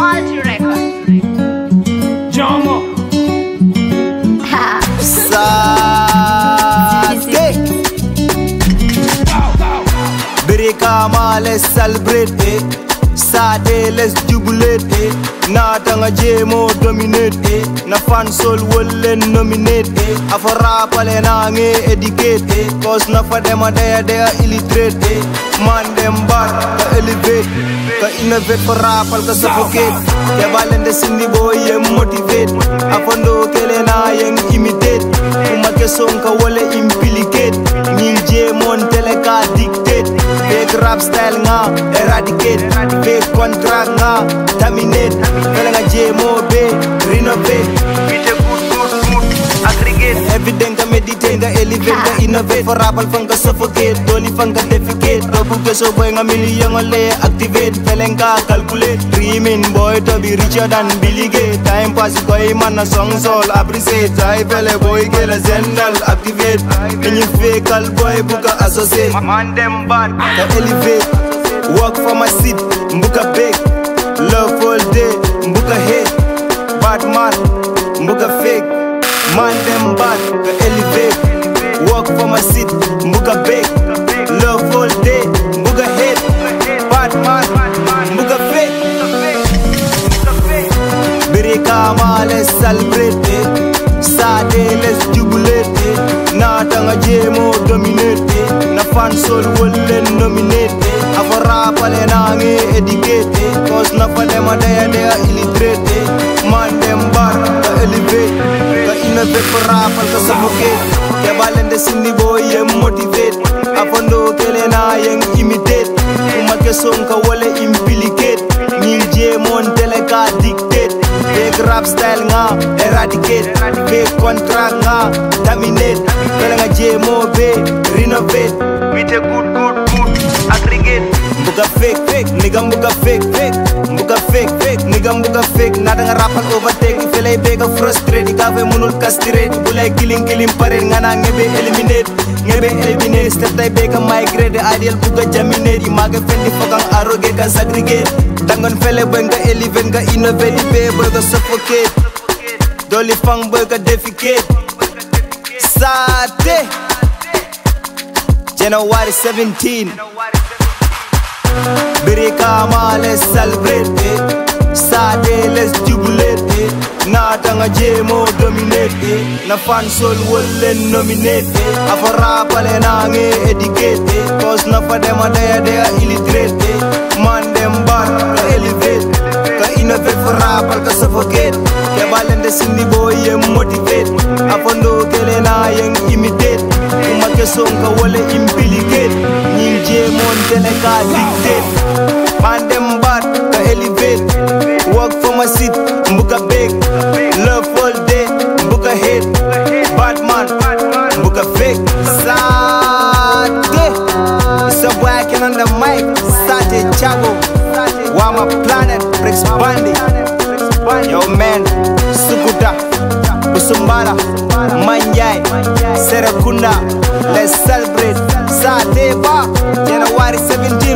quality record. Jomo. Break a male celebrate. taate les jubilete naata nga jeemo dominete na fansol wollen nominete afa rapale naange éduquete cos nafa dema deya deya illitrete mande mbar ka elevate ka innovate fo rapal ka suffocate keɓale nde sindi ɓo yen motivate afa ndokele na yen imitate umake sonka wole impi Make rap style nga Eradicate Fake contract nga Terminate Kala nga J-Mob Renovate With good, good, good Aggregate Everything ka meditate Nga elevate Nga innovate For rapal fang ka suffocate Tony fang ka couple peso boy nga million ole Activate, Feeling ka calculate Dreaming boy to be richer than Billy Gay Time pass koy man a song soul Appreciate, I fele boy get gele zendal Activate, in you fake all boy buka associate Man dem bad, ka elevate Work for my seat, mbuka big. Love all day, mbuka hate Bad man, mbuka fake Man dem bad Mama, let's celebrate it. Saturday, let's jubilate it. Now, Tanga JMO dominate it. Na fan soul will nominate it. Avara Palenange educate it. Cause na Palema they are illiterate it. Man, them bar, the elevate. The inner paper rapper, the suffocate. Kebalen the Cindy boy, motivate. Apondo Kelena, yang imitate. Umake Sonka, wale implicate. Nil J. Montel. Rap style nga eradicate fake contract nga dominate kala nga jmo be renovate with a good good good aggregate buka fake fake nigga buka fake fake buka fake fake nigga buka fake nada nga rapal overtake fele bega frustrated, kafe fe munul castrate bulay killing killing parin nga na ngebe eliminate ngebe eliminate step tay bega migrate ideal buka jaminate maga fendi fokang arrogate kan segregate Tangan fele when ga elevate ga innovate Paper ga suffocate Dolly fang boy ga defecate Sate January 17 Birika kama let's celebrate Sade let's jubilate natanga jemo dominate na fan sol wolle nominate afara pale nange educate cause na dema daya daya illitrate ko rabal ka suffocate keɓalende sinni bo yen motivate afondo kelena yen imitate umake sonka wala implicate ñil jeemon tene ka dictate mandem mbat ka elevate work foma sit mbuka beg love all day mbuka hate batman mbuka fake sade isa boyaken on the mic sate chago Why my planet breaks bandy Yo man, Sukuta, Usumbala, Manyai, Serakunda Let's celebrate Sadeva, January 17